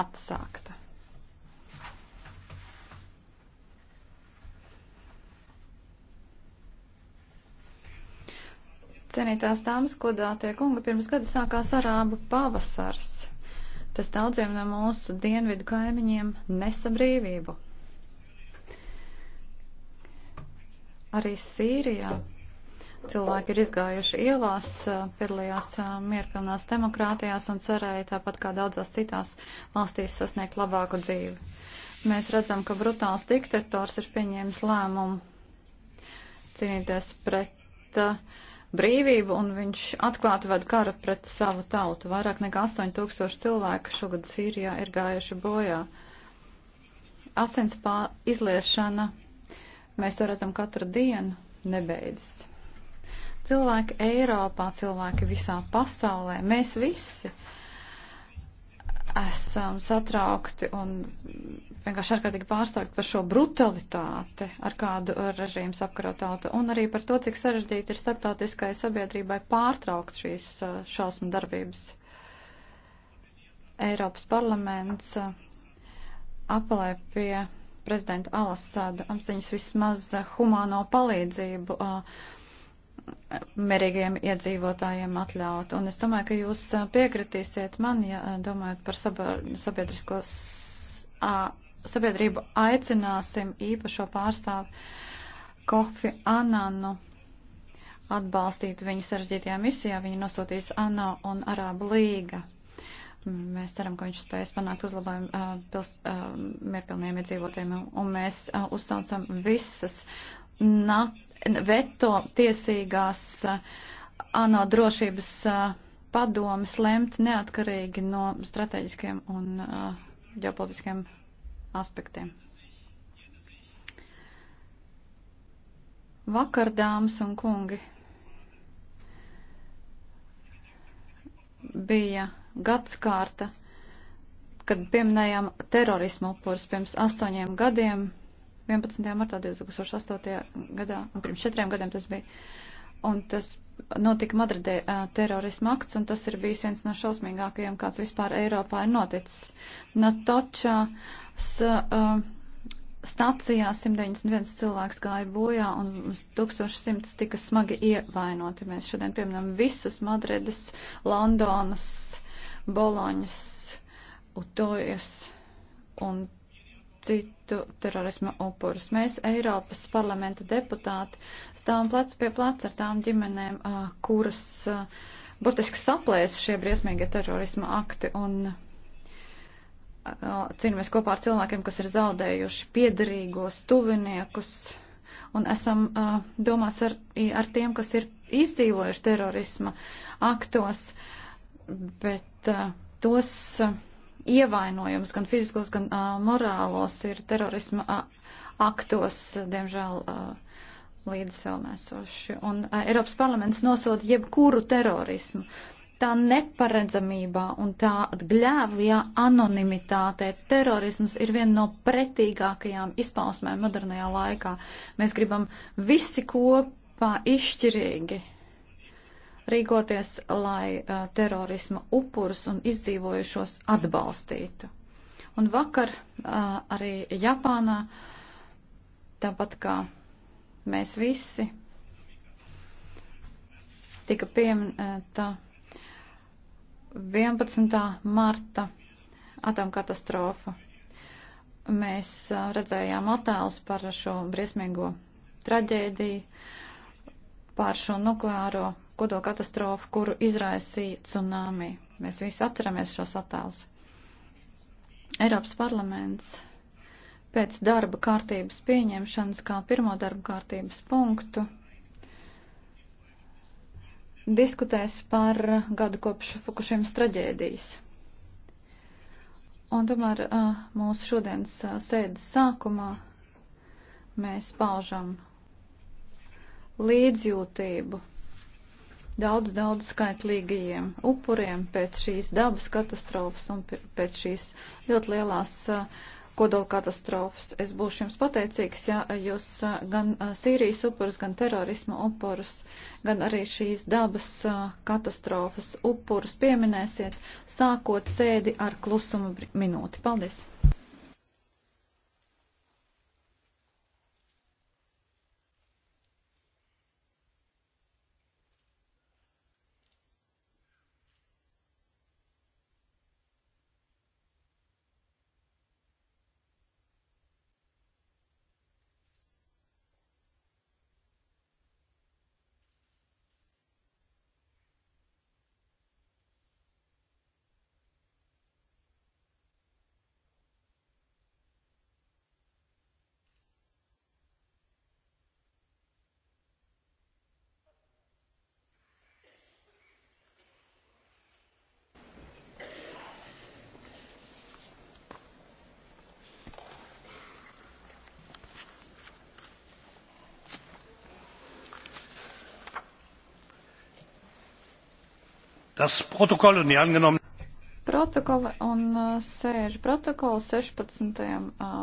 atsākta. Cienītās dāmas, kodātie kungi, pirms gada sākās arābu pavasars. Tas daudziem no mūsu dienvidu kaimiņiem nesa brīvību. Arī Sīrijā cilvēki ir izgājuši ielās, piedalījās mierpilnās demokrātijās un cerēja tāpat kā daudzās citās valstīs sasniegt labāku dzīvi. Mēs redzam, ka brutāls diktators ir pieņēmis lēmumu cīnīties pret brīvību, un viņš atklāti ved kara pret savu tautu. Vairāk nekā 8000 cilvēku šogad Sīrijā ir gājuši bojā. Asins izliešana, mēs to redzam katru dienu, nebeidzas. Cilvēki Eiropā, cilvēki visā pasaulē, mēs visi esam satraukti un vienkārši ārkārtīgi pārstāvti par šo brutalitāti, ar kādu režīmu apkaro tauta, un arī par to, cik sarežģīti ir starptautiskai sabiedrībai pārtraukt šīs eh, šausmu darbības. Eiropas parlaments eh, apelē pie prezidenta Alasāda apziņas vismaz eh, humāno palīdzību. Uh, mierīgiem iedzīvotājiem atļaut. Un es domāju, ka jūs piekritīsiet man, ja domājat par sabiedrisko sabiedrību aicināsim īpašo pārstāvu Kofi Ananu atbalstīt viņu sarežģītajā misijā. Viņa nosūtīs ANO un Arābu līga. Mēs ceram, ka viņš spēs panākt uzlabojumu uh, pils, uh, mierpilniem iedzīvotājiem, un mēs uh, uzsaucam visas NATO veto tiesīgās eh, ANO drošības eh, padomas lemt neatkarīgi no strateģiskiem un eh, ģeopolitiskiem aspektiem. Vakar, dāmas un kungi, bija gadskārta, kad pieminējām terorismu upurus pirms astoņiem gadiem 11. martā 2008. gadā, un pirms četriem gadiem tas bija. Un tas notika Madridē uh, terorisma akts, un tas ir bijis viens no šausmīgākajiem, kāds vispār Eiropā ir noticis. Natočās uh, stacijā 191 cilvēks gāja bojā, un 1100 tika smagi ievainoti. Mēs šodien pieminam visus Madrides, Londonas, Boloņas, Utojas un citu terorisma upurus. Mēs, Eiropas parlamenta deputāti, stāvam plec pie plec ar tām ģimenēm, kuras burtiski saplēs šie briesmīgie terorisma akti un cīnāmies kopā ar cilvēkiem, kas ir zaudējuši piedarīgos, tuviniekus un esam domās ar, ar tiem, kas ir izdzīvojuši terorisma aktos, bet tos. Uh, ievainojums, gan fiziskos, gan uh, morālos, ir terorisma uh, aktos, diemžēl, uh, līdz sev nesoši. Un uh, Eiropas parlaments nosoda jebkuru terorismu. Tā neparedzamībā un tā gļēvajā anonimitātē terorisms ir viena no pretīgākajām izpausmēm modernajā laikā. Mēs gribam visi kopā izšķirīgi rīkoties, lai uh, terorisma upurus un izdzīvojušos atbalstītu. Un vakar uh, arī Japānā, tāpat kā mēs visi, tika pieminēta 11. marta atomkatastrofa. Mēs uh, redzējām attēlus par šo briesmīgo traģēdiju, par šo nukleāro kodola katastrofu, kuru izraisīja tsunami. Mēs visi atceramies šos attēlus. Eiropas parlaments pēc darba kārtības pieņemšanas kā pirmo darba kārtības punktu diskutēs par gadu kopš Fukušiemas traģēdijas. Un tomēr mūsu šodienas sēdes sākumā mēs paužam līdzjūtību daudz, daudz skaitlīgajiem upuriem pēc šīs dabas katastrofas un pēc šīs ļoti lielās kodola katastrofas. Es būšu jums pateicīgs, ja jūs gan Sīrijas upurus, gan terorisma upurus, gan arī šīs dabas katastrofas upurus pieminēsiet, sākot sēdi ar klusuma minūti. Paldies! Das Protokoll un die angenommenen. Protokola un äh, sēžu protokola 16.